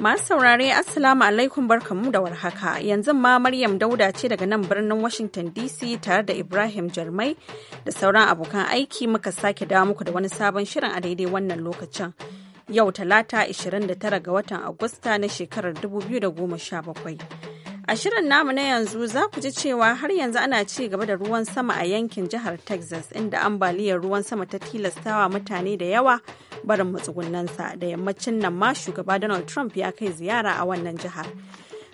Masu saurare Assalamu alaikum barkamu da warhaka yanzu ma Maryam Dauda ce daga nan birnin Washington DC tare da Ibrahim Jarmai da sauran abokan aiki muka sake dawo muku da wani sabon shirin a daidai wannan lokacin. Yau talata 29 ga watan Agusta na shekarar 2017. A shirin namu na yanzu za ku ji cewa har yanzu ana ci gaba da ruwan sama a yankin jihar Texas inda ambaliyar ruwan sama ta tilastawa mutane da yawa barin matsugunansa da yammacin nan ma shugaba Donald Trump ya kai ziyara a wannan jihar.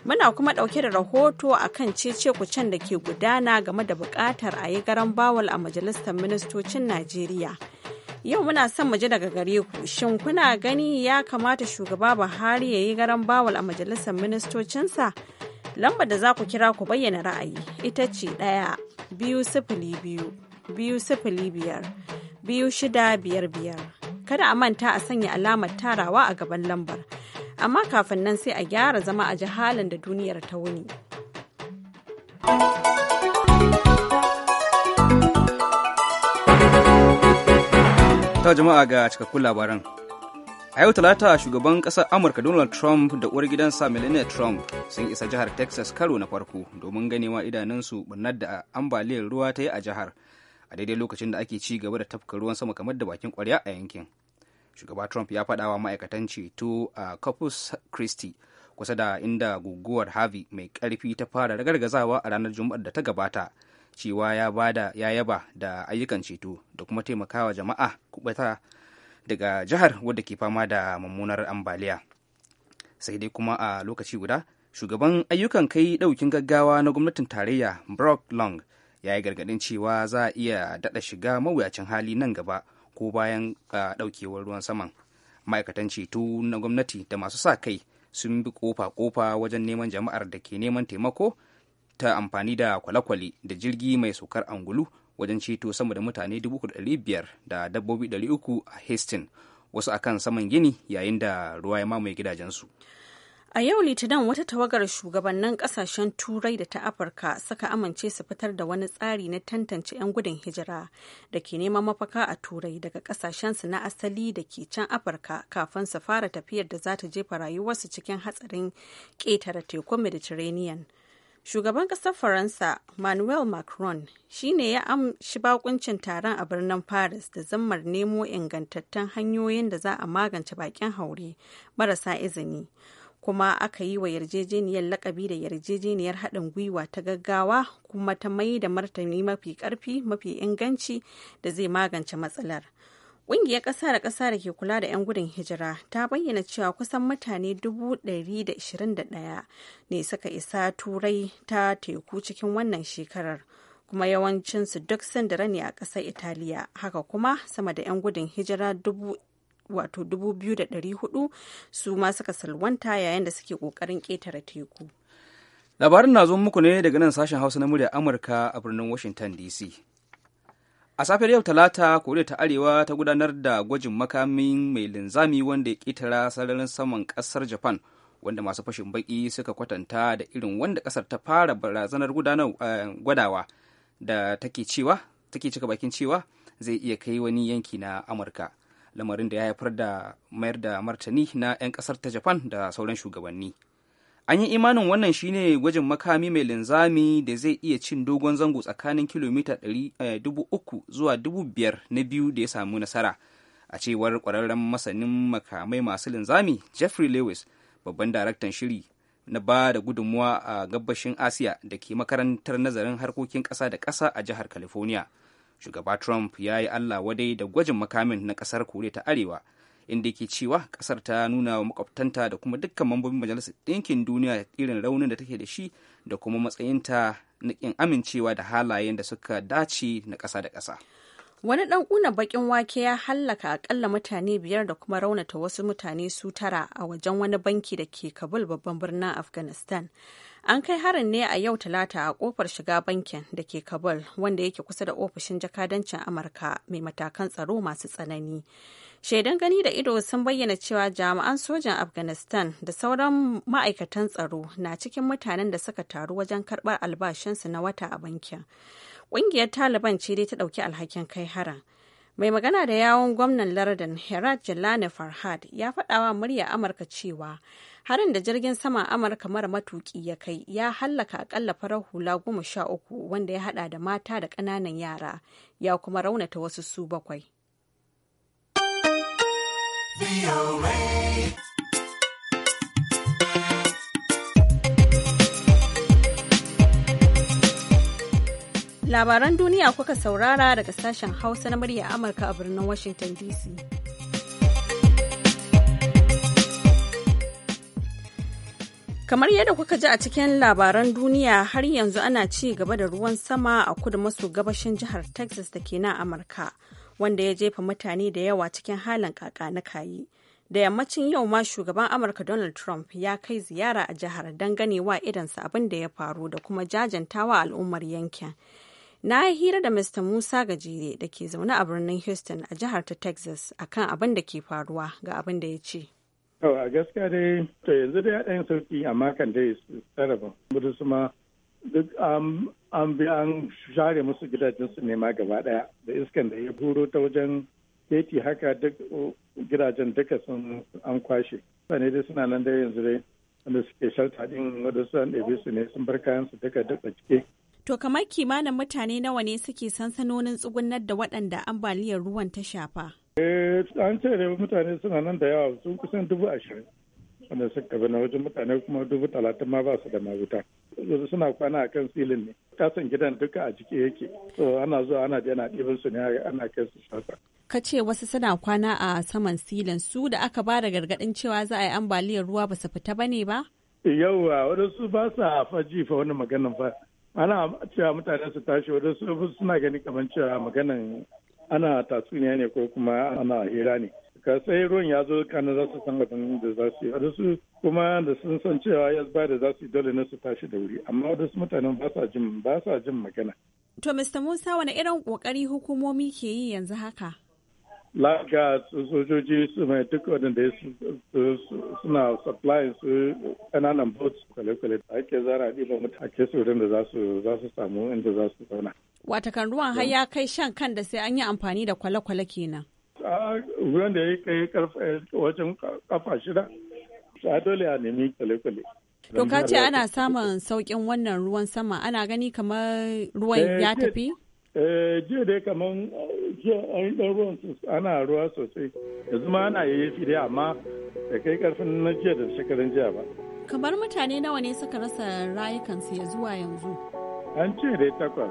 Muna kuma ɗauke da rahoto a kan cece-kucen da ke gudana game da bukatar a yi garan bawal a Majalisar Ministocin Najeriya. Yau muna son mu ji daga gare ku, shin kuna gani ya kamata shugaba Buhari ya yi garan bawal a Majalisar Ministocinsa? Lamba da za ku kira ku bayyana ra'ayi ita ce ɗaya biyu sifili biyu biyu sifili biyar biyu shida biyar biyar. kada a manta a sanya alamar tarawa a gaban lambar amma kafin nan sai a gyara zama a jihalin da duniyar ta wuni ta jama'a ga cikakkun labaran a yau talata shugaban ƙasar amurka donald trump da uwar gidansa melania trump sun isa jihar texas karo na farko domin ganewa idanunsu barnar da ambaliyar ruwa ta yi a jihar a daidai lokacin da ake ci gaba da tafka ruwan sama kamar da bakin kwarya a yankin shugaba trump ya faɗa wa ma'aikatan ceto a corpus christi kusa da inda guguwar harvey mai ƙarfi ta fara ragargazawa a ranar juma'ar da ta gabata cewa ya bada ya yaba da ayyukan ceto da kuma taimakawa jama'a kubata daga jihar wadda ke fama da mummunar ambaliya sai dai kuma a lokaci guda shugaban ayyukan kai ɗaukin gaggawa na gwamnatin tarayya brock long ya yi gargaɗin cewa za a iya daɗa shiga mawuyacin hali nan gaba ko bayan ɗaukewar ruwan saman ma'aikatan ceto na gwamnati da masu sa kai sun bi kofa-kofa wajen neman jama'ar da ke neman taimako ta amfani da kwale-kwale da jirgi mai saukar angulu wajen ceto sama da mutane 500,000 da dabbobi 300 a Hastings wasu akan saman gini yayin da ruwa ya mamaye gidajensu. A yau Litinin wata tawagar shugabannin kasashen Turai da ta Afirka suka amince su fitar da wani tsari na tantance 'yan gudun hijira da ke neman mafaka a Turai daga kasashensu na asali da ke can Afirka kafin su fara tafiyar da za ta jefa rayuwarsu cikin hatsarin ƙetare tekun Mediterranean. Shugaban ƙasar Faransa Manuel Macron shi ne ya amshi bakuncin taron a birnin Paris da zammar nemo ingantattun hanyoyin da za a magance bakin haure marasa izini. kuma aka yi wa yarjejeniyar lakabi da yarjejeniyar haɗin gwiwa ta gaggawa kuma ta mai da martani mafi ƙarfi mafi inganci da zai magance matsalar ƙungiyar ƙasa da ƙasa da ke kula da 'yan gudun hijira ta bayyana cewa kusan mutane 121 ne suka isa turai ta teku cikin wannan shekarar kuma yawancinsu duk sun ne a ƙasar italiya haka kuma sama da 'yan gudun hijira wato 2,400 su ma suka salwanta yayin da suke kokarin ƙetare teku. Labarin na zo muku ne daga nan sashen Hausa na murya Amurka a birnin Washington DC. A safiyar yau Talata, Koriya ta Arewa ta gudanar da gwajin makamin mai linzami wanda ya ƙetara sararin saman ƙasar Japan, wanda masu fashin baƙi suka kwatanta da irin wanda ƙasar ta fara barazanar eh, gwadawa da take cewa, take cika bakin cewa zai iya kai wani yanki na Amurka. lamarin da ya haifar da mayar da martani na 'yan kasar ta japan da sauran shugabanni an yi imanin wannan shine gwajin makami mai linzami da zai iya cin dogon zango tsakanin kilomita 3,000 eh, zuwa 5,000 na biyu da ya samu nasara a cewar kwararren masanin makamai masu linzami jeffrey lewis babban daraktan shiri na ba da gudunmuwa a gabashin asiya da ke makarantar nazarin harkokin ƙasa da ƙasa a jihar california shugaba trump ya yi allah wadai da gwajin makamin na kasar kore ta arewa inda ke cewa kasar ta nuna wa makwabtanta da kuma dukkan mambobin majalisar ɗinkin duniya irin raunin da take da shi da kuma matsayinta na ƙin amincewa da halayen da suka dace na ƙasa da ƙasa wani ɗan ƙuna baƙin wake ya hallaka akalla mutane biyar da kuma raunata wasu mutane su tara a wajen wani banki da ke kabul babban birnin afghanistan An kai harin ne a yau Talata a kofar shiga bankin da ke Kabul wanda yake kusa da ofishin jakadancin Amurka mai matakan tsaro masu tsanani. Shaidan gani da ido sun bayyana cewa jami'an sojan Afghanistan da sauran ma'aikatan tsaro na cikin mutanen da suka taru wajen karɓar albashinsu na wata a bankin. Ƙungiyar Taliban ce dai ta ɗauki alhakin kai harin. mai magana da yawon gwamnan lardin herat jalani farhad ya faɗawa murya amurka cewa harin da jirgin sama amurka mara matuƙi ya kai ya hallaka akalla farar hula goma sha uku wanda ya hada da mata da ƙananan yara ya kuma raunata wasu su bakwai Labaran duniya kuka saurara daga sashen Hausa na murya Amurka a birnin Washington DC. Kamar yadda kuka ji a cikin labaran duniya har yanzu ana ci gaba da ruwan sama a kudu maso gabashin jihar Texas da ke nan Amurka, wanda ya jefa mutane da yawa cikin halin kaka na kayi. da yammacin yau ma shugaban amurka donald trump ya kai ziyara a jihar don ganewa idansa abin da ya faru da kuma jajantawa al'ummar yankin na yi hira da mr musa gajere da ke zaune a birnin houston a jihar ta texas akan abin da ke faruwa ga abin da ya ce a gaskiya dai to yanzu dai ɗayan sauki amma kan dai sarrafa budu su ma duk an bi an share musu gidajensu ne ma gaba ɗaya da iskan da ya buro ta wajen keti haka duk gidajen duka sun an kwashe mutane dai suna nan dai yanzu dai wanda suke shalta ɗin wadda su an ɗebe su ne sun bar kayan su duka duk a cike To kamar kimanin mutane nawa ne suke sansanonin tsugunar da waɗanda ambaliyar ruwan ta shafa? Eh, an ce da mutane suna nan da yawa sun kusan dubu ashirin. Wanda suka gaba na wajen mutane kuma dubu talatin ma ba su da mawuta. Yanzu suna kwana a kan silin ne. Kasan gidan duka a jiki yake. So ana zuwa ana je ana ɗibin su ne ana kai su shafa. Ka ce wasu suna kwana a saman silin su da aka ba da gargaɗin cewa za a yi ambaliyar ruwa ba su fita ba ne ba? Yauwa, wadansu ba sa faji fa wani maganin fa. ana cewa mutane su tashi su suna gani kamar cewa maganan ana tatsuniya ne ko kuma ana hira ne ka sai ruwan ya zo kana za su san abin da za su yi su kuma da sun san cewa ya ba da za su yi dole na su tashi da wuri amma wadansu mutanen ba sa jin ba sa jin magana to Mr Musa wani irin kokari hukumomi ke yi yanzu haka laka sojoji su mai duk wadanda suna supply su kananan boats kwale-kwale da ake zara ba mutake su wurin da za su samu inda za su zauna. Watakan ruwan har ya kai shan kan da sai an yi amfani da kwale-kwale kenan. Ruwan da ya kai karfe wajen kafa shida, a dole a nemi kwale-kwale. To ka ce ana samun sauƙin wannan ruwan sama ana gani kamar ruwan ya eh, tafi? Eh, jiya dai kamar jiya an ɗan ruwan ana ruwa sosai yanzu ma ana yayyafi dai amma da kai karfin na jiya da shekarun jiya ba kamar mutane nawa ne suka rasa rayukansu ya zuwa yanzu an ce dai takwas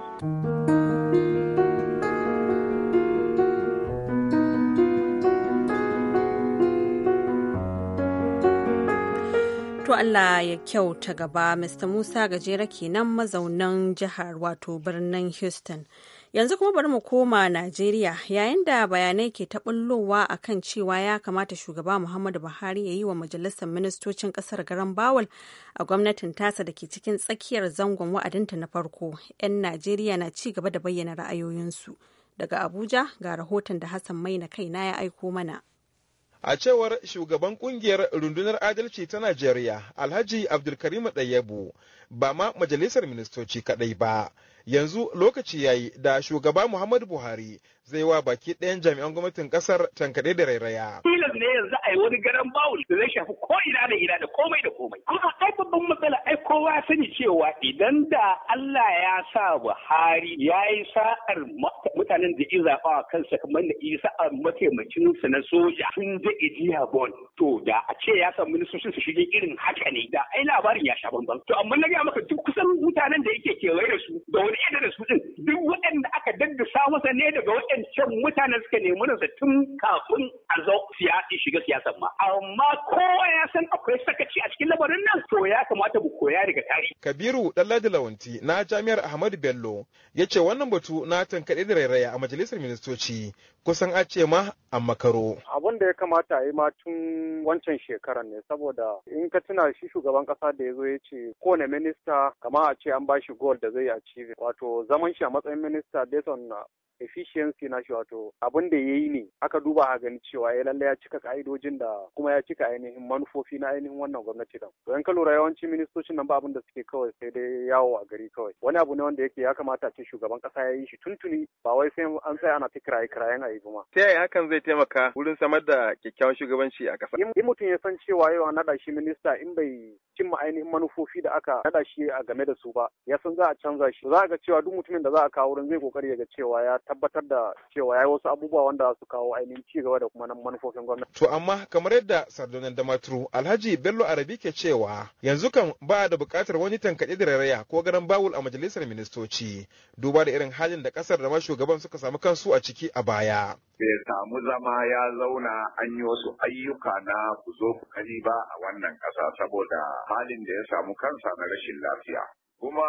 To Allah ya kyauta gaba Mr. Musa gajera kenan mazaunan jihar wato birnin Houston. Yanzu kuma bari mu koma Najeriya yayin da bayanai ke ta bullowa a kan cewa ya kamata shugaba Muhammadu Buhari ya yi wa majalisar ministocin Ƙasar garan Bawal a gwamnatin tasa da ke cikin tsakiyar zangon wa'adinta na farko. 'Yan Najeriya na ci gaba da bayyana ra'ayoyinsu. Daga Abuja ga rahoton da Hassan Maina kaina ya aiko mana. A cewar shugaban kungiyar rundunar adalci ta Najeriya, Alhaji Abdulkarim Ɗayyabu, ba ma majalisar ministoci kaɗai ba. Yanzu lokaci yayi da shugaba Muhammadu Buhari zai wa baki ɗayan jami'an gwamnatin ƙasar tankaɗe da rairaya. Tilas ne yanzu a yi wani garan bawul da zai shafi ko ina da ina da komai da komai. A'a ai babban matsala ai kowa sani cewa idan da Allah ya sa Buhari ya yi sa'ar mutanen da ya zaɓa a kansa kamar da isa a mataimakinsa na soja sun da ijiya bon. To da a ce ya san ministocin su shige irin haka ne da ai labarin ya sha bambam. To amma na gaya maka duk kusan mutanen da yake kewaye da su da wani yadda da su din duk waɗanda aka daddasa masa ne daga waɗanda waɗancan mutanen suka nemi nasa tun kafin a zo siyasi shiga siyasan ma amma kowa ya san akwai sakaci a cikin labarin nan to ya kamata mu koya daga tashi kabiru dalladi lawanti na jami'ar ahmadu bello ya ce wannan batu na tankaɗe da rairaya a majalisar ministoci kusan a ce ma a makaro abin da ya kamata a yi ma tun wancan shekaran ne saboda in ka tuna shi shugaban kasa da ya zo ya ce kowane minista kama a ce an ba shi goal da zai achieve wato zaman shi a matsayin minista based on efficiency na shi wato abin da ya yi ne aka duba a gani cewa ya eh, lallai ya cika ka'idojin da kuma ya cika ainihin manufofi na ainihin wannan gwamnati da to in ka lura yawancin ministocin nan ba abin da suke kawai sai dai yawo a gari kawai wani abu ne wanda yake ya kamata ce shugaban kasa ya yi shi tuntuni ba wai sai an tsaya ana ta kiraye kirayen a yi ba ta yaya hakan zai taimaka wurin samar da kyakkyawan shugabanci a kasa in mutum ya san cewa yau an naɗa shi minista in bai cimma ainihin manufofi da aka naɗa shi a game da su ba ya san za a canza shi za a ga cewa duk mutumin da za a kawo wurin zai kokari ya ga cewa ya tabbatar da cewa yayi wasu abubuwa wanda su kawo ainihin ci gaba da kuma nan manufofin gwamnati. To amma kamar yadda Sardunan Damaturu Alhaji Bello Arabi ke cewa yanzu kan ba da buƙatar wani tankaɗe da raraya ko garan bawul a majalisar ministoci duba da irin halin da ƙasar da ma shugaban suka samu kansu a ciki a baya. bai samu zama ya zauna an yi wasu ayyuka na ku zo ku kani ba a wannan ƙasa saboda halin da ya samu kansa na rashin lafiya. Kuma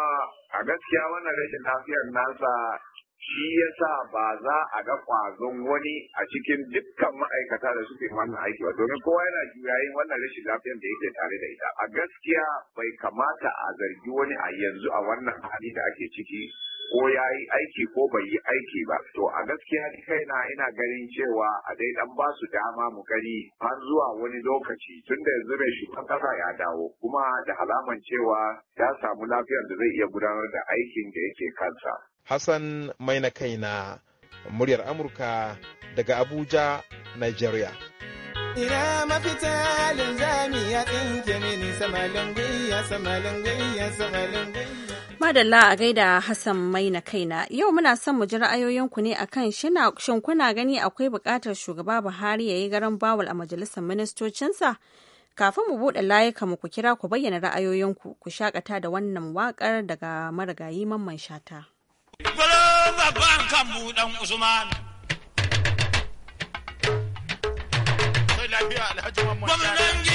a gaskiya wannan rashin lafiyar nasa shi ya sa ba za a ga kwazon wani a cikin dukkan ma'aikata da suke wannan aiki ba domin kowa yana juyayin wannan rashin lafiyar da yake tare da ita a gaskiya bai kamata a zargi wani a yanzu a wannan hali da ake ciki ko ya yi aiki ko bai yi aiki ba to a gaskiya ni kaina ina ganin cewa a dai dan ba su dama mu gari har zuwa wani lokaci tunda yanzu mai shugaban kasa ya dawo kuma da alaman cewa ya samu lafiyar da zai iya gudanar da aikin da yake kansa Hassan mai kaina muryar Amurka daga Abuja, Nigeria. Ina mafita linzami ya tsinke mini samalin gwiya samalin gwiya samalin gwiya. Madalla a gaida Hassan mai na kaina yau muna son mu ji ra'ayoyinku ne akan shin kuna gani akwai buƙatar shugaba Buhari ya yi garan bawul a majalisar ministocinsa? Kafin mu buɗe layuka mu ku kira ku bayyana ra'ayoyinku ku shakata da wannan waƙar daga marigayi mamman shata. Gwalo babban kan buɗan Usman. Gwamnan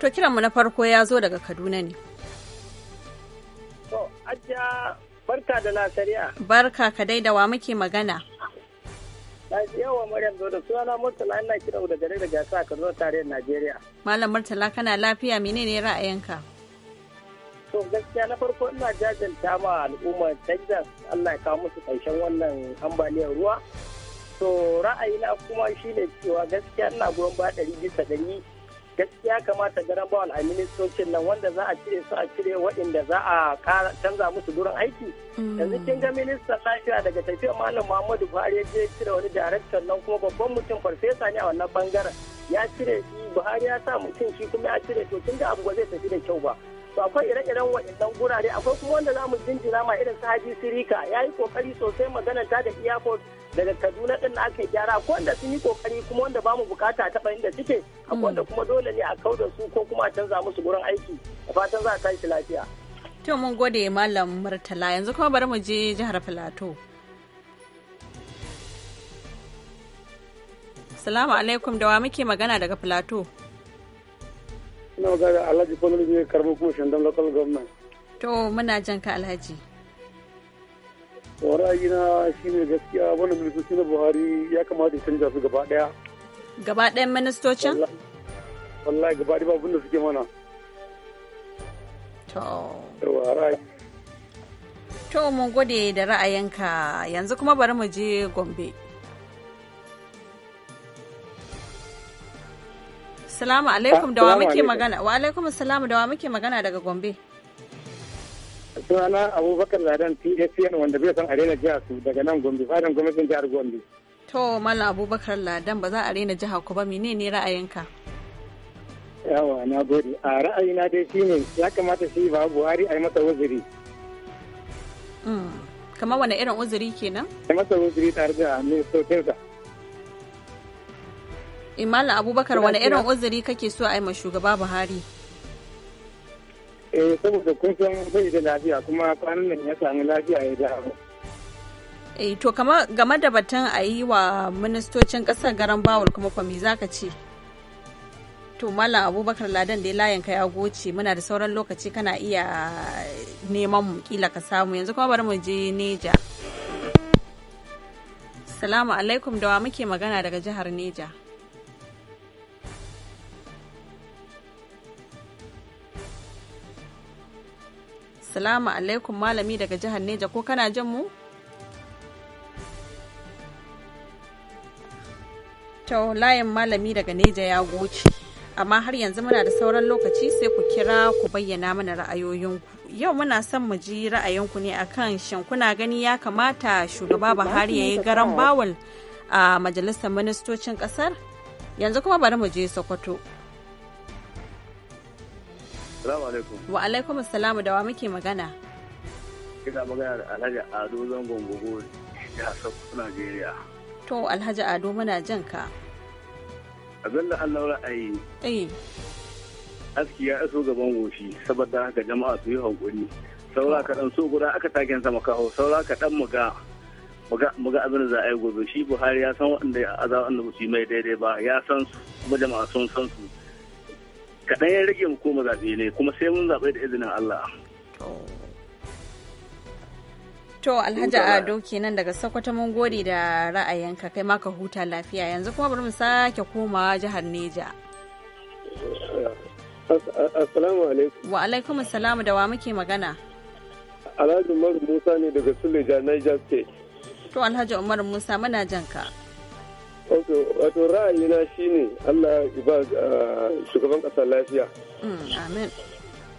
To kiranmu na farko ya zo daga Kaduna ne. To, ajiya barka da lasariya. Barka ka dai da wa muke magana. Yawa Maryam zo da sunana Murtala ina kira da gare da gasa Kaduna da Najeriya. Malam Murtala kana lafiya menene ra'ayinka? To gaskiya na farko ina jajanta ma al'ummar Texas Allah ya kawo musu karshen wannan ambaliyar ruwa. To ra'ayina kuma shine cewa gaskiya ina goyon ba ɗari bisa ɗari gaskiya kamata garan a ministocin nan wanda za a cire su a cire waɗanda za a canza musu gurin aiki yanzu kin ga ministan lafiya daga tafiya malam muhammadu buhari ya je cire wani daraktan nan kuma babban mutum farfesa ne a wannan bangaren ya cire shi buhari ya sa mutum shi kuma ya cire to kin ga abu ba zai tafi da kyau ba to akwai ire-iren waɗannan gurare akwai kuma wanda za mu jinjira ma irin su haji sirika ya yi kokari sosai magana ta da iyakoki daga kaduna din da aka gyara ko wanda sun yi kokari kuma wanda bamu bukata ta inda suke akwai wanda mm. kuma dole ne a kau da su ko kuma a canza musu gurin aiki a fatan za a tashi lafiya to mun gode malam murtala yanzu kuma bari mu je jihar filato salamu alaikum da wa muke magana daga filato ina magana alhaji kwanar ne karmi kuma shandan local government to muna jan ka alhaji ra'ayina shine gaskiya wannan ministoci na buhari ya kamata ya canza su gaba daya gaba ɗayan ministocin wallahi gaba daya babu da suke mana to to mun gode da ra'ayinka yanzu kuma bari mu je gombe salamu alaikum da wa muke magana wa alaikum salamu da wa muke magana daga gombe sunana abubakar ladan tsn wanda bai san arena jiha su daga nan gombe fadin gwamnatin jihar gombe to mala abubakar ladan ba za a arena jiha ku ba ne ra'ayinka yawa na gode a ra'ayina dai shine ya kamata shi ba buhari a yi masa uzuri hmm, kamar wani irin uzuri kenan a yi masa uzuri tare da ministocinsa imala eh, abubakar wani irin uzuri kake so a yi ma shugaba buhari eh saboda kun san bai da lafiya kuma kwanan nan ya sami lafiya ya dawo eh, to kama game da batun a yi wa ministocin kasar garan bawul kuma kwami ka ce to Mallam abubakar ladan da layin ka ya goce muna da sauran lokaci kana iya neman mu kila ka samu yanzu kuma bari mu je neja salamu alaikum da wa muke magana daga jihar neja Assalamu alaikum malami daga jihar Neja ko kana jin mu? To layin malami daga Neja ya goce. Amma har yanzu muna da sauran lokaci sai ku kira ku bayyana mana ra'ayoyinku. Yau muna son mu ji ra'ayinku ne akan shin kuna gani ya kamata shugaba Buhari ya yi garan bawul a majalisar ministocin Kasar. Yanzu kuma bari mu je Sokoto. Salamu alaikum. Wa alaikum salamu da wa muke magana. Ina magana da Alhaji Ado zangon gogo ya sauko Najeriya. To Alhaji Ado muna jan ka. Abin da Allah ra'ayi. Eh. Aski ya iso gaban goshi saboda haka jama'a su yi hankuri. Saura dan so guda aka taken sama kawo saura ka dan ga muga abin da za a yi gobe shi Buhari ya san waɗanda ya azawa wanda ba su yi mai daidai ba ya san su kuma jama'a sun san su. kaɗan ya rage mu koma zaɓe ne kuma sai mun zaɓe da izinin Allah. To Alhaji Ado kenan daga Sokoto mun gode da ra'ayinka kai maka huta lafiya yanzu kuma bari mu sake komawa jihar Neja. Assalamu alaikum. Wa alaikum assalamu da wa muke magana. Alhaji Umar Musa ne daga Suleja Niger State. To Alhaji Umar Musa muna jan ka. wato ra'ayina shi ne Allah ba shugaban kasa lafiya mm, amin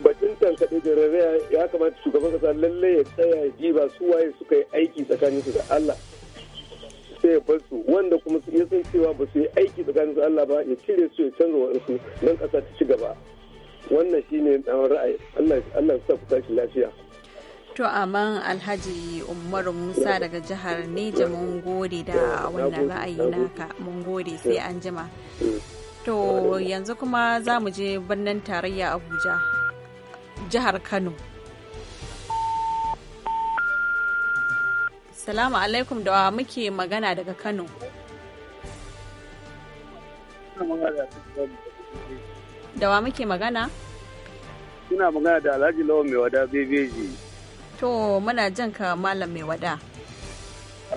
bakin tankaɗe da rarraya ya kamata shugaban kasa lallai ya tsaya ya jiba su waye suka yi aiki tsakanin su da Allah sai ya bar su wanda kuma ya san cewa ba su yi aiki tsakanin su Allah ba ya cire su ya canza waɗansu don kasa ta ci gaba wannan shi shine ra'ayi Allah ya sa ku tashi lafiya To aman Alhaji Umaru Musa daga jihar Neja mun gode da wannan ra'ayi naka mun gode sai an jima. To yanzu kuma za mu je birnin tarayya Abuja jihar Kano. Salamu alaikum da muke magana daga Kano. Da wa muke magana? Ina magana da Alhaji Lawan Mai Wada Bebeji. To muna jan ka malam mai wada.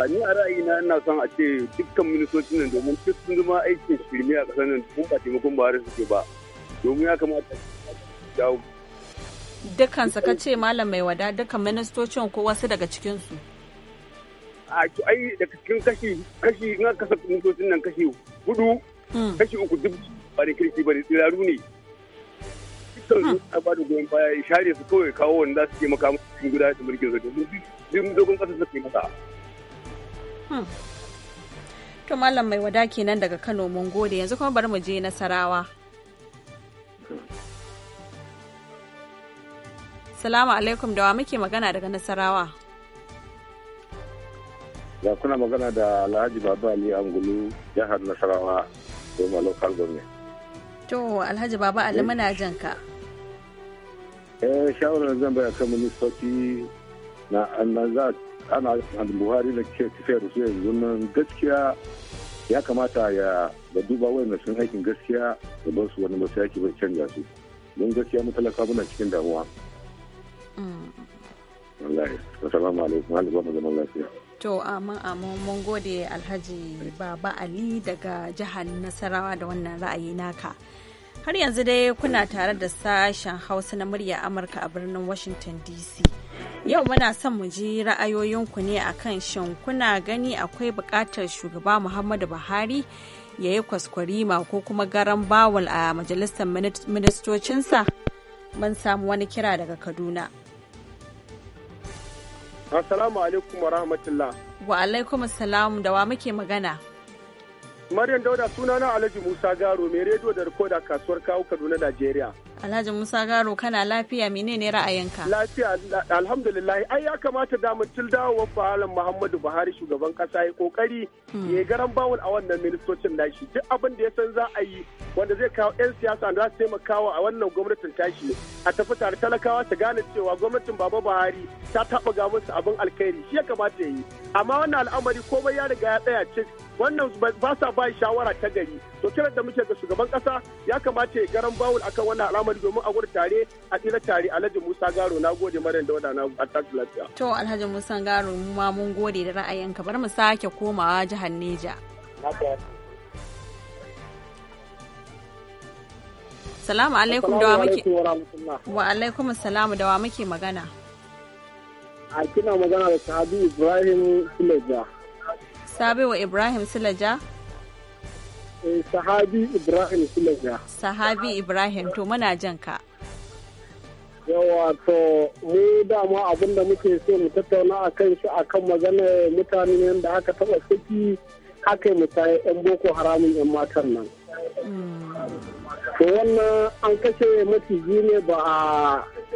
A ni a ra'ayina ina son a ce dukkan ministoci nan domin duk sun zama aikin shirme a ƙasar nan kun a taimakon ba suke ba. Domin ya kamata dawo. Dukkan ka ce malam mai wada dukkan ministocin ko wasu daga cikinsu. A to ai daga cikin kashi kashi in aka kasa ministocin nan kashi hudu hmm. kashi uku duk ba da kirki ba da tsiraru ne. Dukkan su hmm. a ba da goyon baya ya share su kawai kawo wanda za su taimaka musu. sun guda da mulkin soja duk dogon ƙasa suka yi masa. Hmm. To Malam mai wada kenan daga Kano mun gode yanzu kuma bari mu je Nasarawa. Salamu alaikum da wa muke magana daga Nasarawa. Ya kuna magana da Alhaji Baba Ali Angulu jihar Nasarawa, Roma Local Government. To Alhaji Baba Ali eh. muna jan ka. eh shawarar zan baya kan ministoci na za ana buhari na ke tafiya da su yanzu nan gaskiya ya kamata ya da duba wayanda sun aikin gaskiya da ba su wani masu yaki bai canza su don gaskiya matalaka muna cikin damuwa mm. wallahi assalamu alaikum halin ba zaman lafiya to amin amin mun gode alhaji baba ali daga jihar nasarawa da wannan ra'ayi naka Har yanzu dai kuna tare da sashen Hausa na murya Amurka a birnin Washington DC. Yau muna son mu ji ra'ayoyinku ne akan shin kuna gani akwai buƙatar shugaba Muhammadu Buhari ya yi kwaskwarima ko kuma garan bawal a majalisar ministocinsa? Mun samu wani kira daga Kaduna. Assalamu alaikum wa rahmatullah. Wa alaikum assalam da wa muke magana? Maryam Dauda suna sunana Alhaji Musa Garo mai rediyo da rikoda kasuwar kawo Kaduna Najeriya. Alhaji Musa Garo kana lafiya menene ra'ayinka? Lafiya alhamdulillah ai ya kamata da mutum dawowar fahalan Muhammadu Buhari shugaban kasa ya kokari hmm. ya garan bawul a wannan ministocin nashi duk abin da ya san za a yi wanda zai kawo 'yan siyasa da za su taimakawa a wannan gwamnatin tashi a tafi tare talakawa su gane cewa gwamnatin Baba Buhari ta taba ga musu abin alkhairi shi ya kamata ya yi amma wannan al'amari komai ya riga ya tsaya cik wannan ba sa ba shawara ta gari to kiran da muke ga shugaban kasa ya kamata ya garan bawul akan wannan al'amari domin a gudu tare a tsira tare alhaji musa garo na gode maryam da wadana a tax lafiya to alhaji musa garo mu ma mun gode da ra'ayinka bar mu sake komawa jihar neja Salamu alaikum da wa muke wa alaikum salamu da muke magana. A kina magana da Sahabi Ibrahim Suleja. Sabiwa Ibrahim Silaja? Eh, sahabi Ibrahim Silaja. Sahabi Ibrahim, to muna jan ka. Yawa to mu dama abin da muke so mu tattauna a kan shi a kan maganar mutane da aka taba saki aka yi mutane 'yan boko haramun 'yan matan nan. To wannan an kashe maciji ne ba a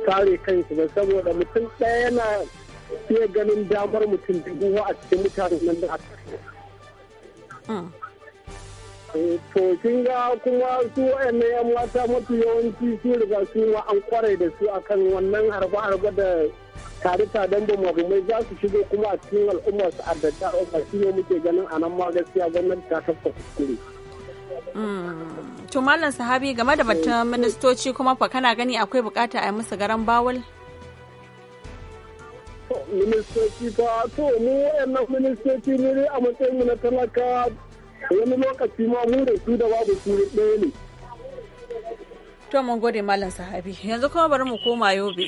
kare kansu ba saboda mutum ɗaya yana sai ganin damar mutum dubu a cikin mutane nan da aka hmm. eh, to kin ga kuma su wayannan yan mata mafi yawanci su riga su ma an kwarai da su akan wannan harba-harba da tare tadan da mabumai za su shigo kuma a cikin al'umma su addata al'umma shi ne muke ganin a nan ma gaskiya gwamnati ta tafka kuskure. Hmm. to sahabi game da batun eh. ministoci kuma fa kana gani akwai bukata a yi musu garan bawul? ministoci fa to mu wayannan ministoci ne ne a matsayin mu na talaka wani lokaci ma mu da su da babu su ɗaya ne. To mun gode Malam Sahabi yanzu kuma bari mu koma Yobe.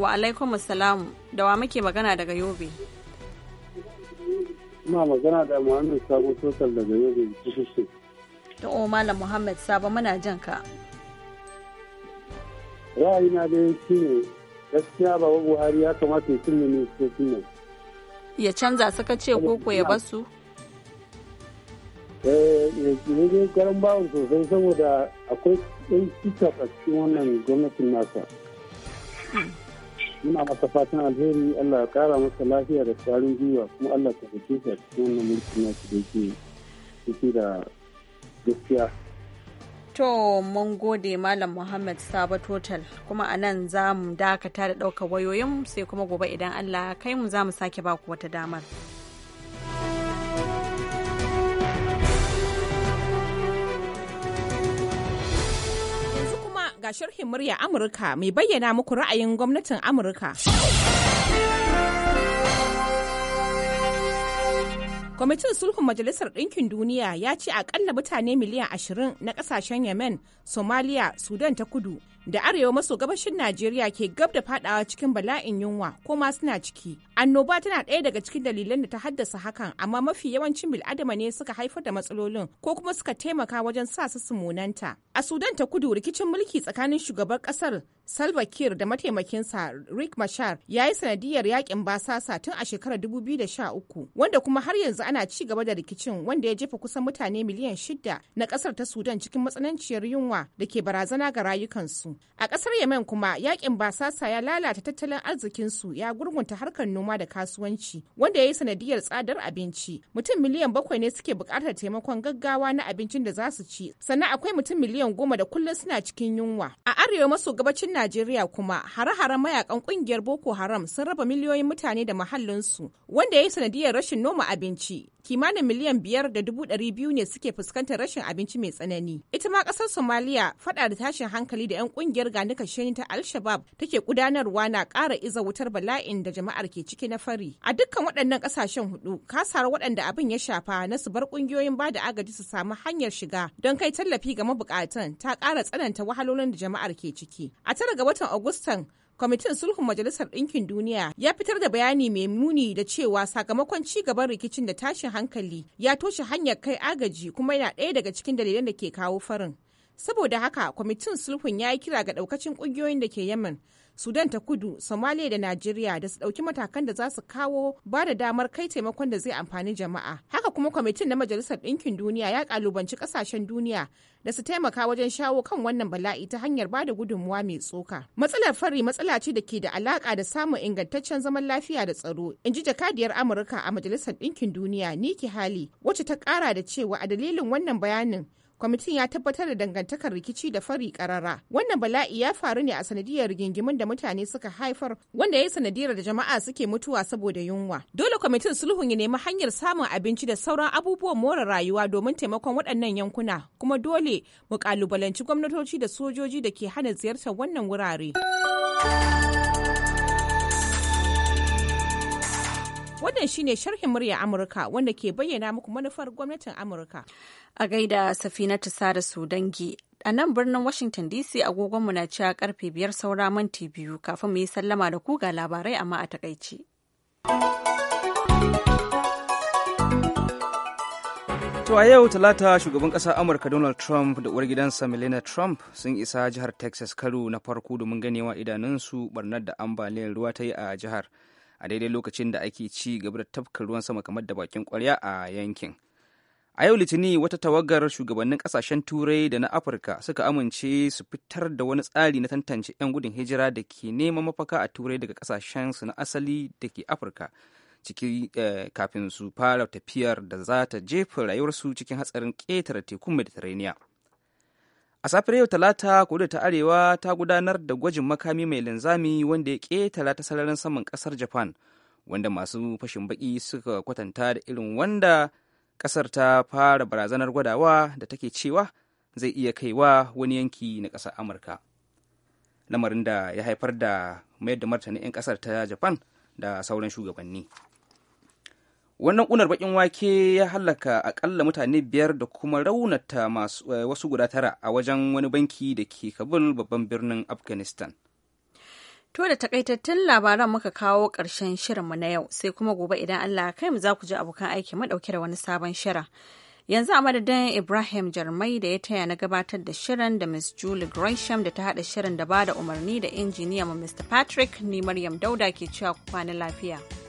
Wa alaikum assalam da wa muke magana daga Yobe. Ina magana da Muhammad Sabo Total daga Yobe. Da o Malam Muhammad Sabo muna jan ka. ra'ayina dai shi ne gaskiya baba buhari ya kamata ya cire ministocin nan ya canza suka ce koko ya basu eh ya garin bawon sosai saboda akwai ɗan cika a cikin wannan gwamnatin nasa muna masa fatan alheri allah ya kara masa lafiya da tsarin gwiwa kuma allah ta fice shi a cikin wannan mulkin nasu da yake da gaskiya To mun gode Malam Muhammad Sabo Total kuma a nan za mu dakata da ɗaukar wayoyin sai kuma gobe idan Allah kai mu za mu sake ba ku wata damar. Yanzu kuma ga sharhin murya Amurka mai bayyana muku ra'ayin gwamnatin Amurka. Kwamitin Sulhun Majalisar Ɗinkin Duniya ya ce akalla mutane miliyan 20 na ƙasashen Yemen, Somalia, Sudan ta kudu da arewa maso gabashin Najeriya ke gab da fadawa cikin bala'in yunwa ko ma suna ciki. Annoba tana ɗaya daga cikin dalilan da ta haddasa hakan, amma mafi yawancin bil'adama ne suka haifar da matsalolin ko kuma suka taimaka wajen sa su munanta. A Sudan ta kudu rikicin mulki tsakanin shugaban ƙasar Salva Kiir da mataimakinsa Rick Machar ya yi sanadiyar yakin basasa tun a shekarar 2013, wanda kuma har yanzu ana ci gaba da rikicin wanda ya jefa kusan mutane miliyan shida na ƙasar ta Sudan cikin matsananciyar yunwa da ke barazana ga rayukansu. A ƙasar Yemen kuma yakin basasa ya lalata tattalin arzikinsu ya gurgunta harkar noma da kasuwanci wanda ya yi sanadiyar tsadar abinci. Mutum miliyan bakwai ne suke buƙatar taimakon gaggawa na abincin da za su ci. Sannan akwai mutum miliyan goma da kullum suna cikin yunwa. A arewa maso gabacin Najeriya kuma hare haren mayakan ƙungiyar Boko Haram sun raba miliyoyin mutane da mahallinsu wanda ya yi sanadiyar rashin noma abinci kimanin miliyan biyar da dubu ɗari biyu ne suke fuskantar rashin abinci mai tsanani. Ita ma ƙasar Somaliya faɗa da tashin hankali da 'yan ƙungiyar ganuka shani ta Al-Shabaab take gudanarwa na ƙara iza wutar bala'in da jama'ar ke ciki na fari. A dukkan waɗannan ƙasashen hudu, kasar waɗanda abin ya shafa na su bar ƙungiyoyin ba da agaji su samu hanyar shiga don kai tallafi ga mabuƙatan, ta ƙara tsananta wahalolin da jama'ar ke ciki. A tara ga watan Agustan kwamitin sulhun majalisar ɗinkin duniya ya fitar da bayani mai muni da cewa sakamakon ci gaban rikicin da tashin hankali ya toshe hanyar kai agaji kuma yana ɗaya daga cikin dalilan da ke kawo farin saboda haka kwamitin sulhun ya yi kira ga ɗaukacin ƙungiyoyin da ke yaman sudan ta kudu somalia da najeriya da su ɗauki matakan da za su kawo ba da damar kai taimakon da zai amfani jama'a haka kuma kwamitin na majalisar ɗinkin duniya ya ƙalubanci ƙasashen duniya da su taimaka wajen shawo kan wannan bala'i ta hanyar ba da gudunmuwa mai tsoka matsalar fari matsala ce da ke da alaƙa da samun ingantaccen zaman lafiya da tsaro in ji jakadiyar amurka a majalisar ɗinkin duniya niki hali wacce ta ƙara da cewa a dalilin wannan bayanin kwamitin ya tabbatar da dangantakar rikici da fari karara wannan bala'i ya faru ne a sanadiyar rigingimin da mutane suka haifar wanda ya yi sanadiyar da jama'a suke mutuwa saboda yunwa dole kwamitin sulhun ya nemi hanyar samun abinci da sauran abubuwan more rayuwa domin taimakon waɗannan yankuna kuma dole mu kalubalanci gwamnatoci da sojoji da ke hana ziyartar wannan wurare Wannan shine sharhin murya Amurka wanda ke bayyana muku manufar gwamnatin Amurka. a gaida safinatu sada su dangi a nan birnin washington dc agogonmu na cewa karfe biyar saura minti biyu kafin mu yi sallama da ku ga labarai amma a takaici To a yau talata shugaban ƙasar Amurka Donald Trump da uwar gidansa Melania Trump sun isa jihar Texas karo na farko domin ganewa idanunsu barnar da ambaliyar ruwa ta yi a jihar a daidai lokacin da ake ci gaba da tafka ruwan sama kamar da bakin kwarya a yankin. A yau Litinin wata tawagar shugabannin kasashen Turai da na Afirka suka amince su fitar da wani tsari na tantance 'yan gudun hijira da ke neman mafaka a Turai daga kasashen su na asali da ke Afirka ciki eh, kafin su fara tafiyar da za ta jefa rayuwarsu cikin hatsarin ƙetare tekun Mediterranean. A safiyar yau Talata, kudu ta Arewa ta gudanar da gwajin makami mai linzami wanda ya ƙetara ta sararin saman ƙasar Japan, wanda masu fashin baki suka kwatanta da irin wanda Ƙasar ta fara barazanar gwadawa da take cewa zai iya kaiwa wani yanki na ƙasar amurka lamarin da ya haifar da mayar da martani 'yan ƙasar ta japan da sauran shugabanni wannan ƙunar bakin wake ya hallaka akalla mutane biyar da kuma raunata eh, wasu guda tara a wajen wani banki da ke kabul babban birnin afghanistan To da takaitattun labaran muka kawo ƙarshen shirinmu na yau sai kuma gobe idan Allah kai mu za ku ji abokan aiki madauke da wani sabon shirin. Yanzu a madadin Ibrahim Jarmai da ya taya na gabatar da shirin da Miss Julie Gresham da ta haɗa shirin da ba da umarni da injiniya Mr. Patrick ni Maryam Dauda ke cewa ku kwana lafiya.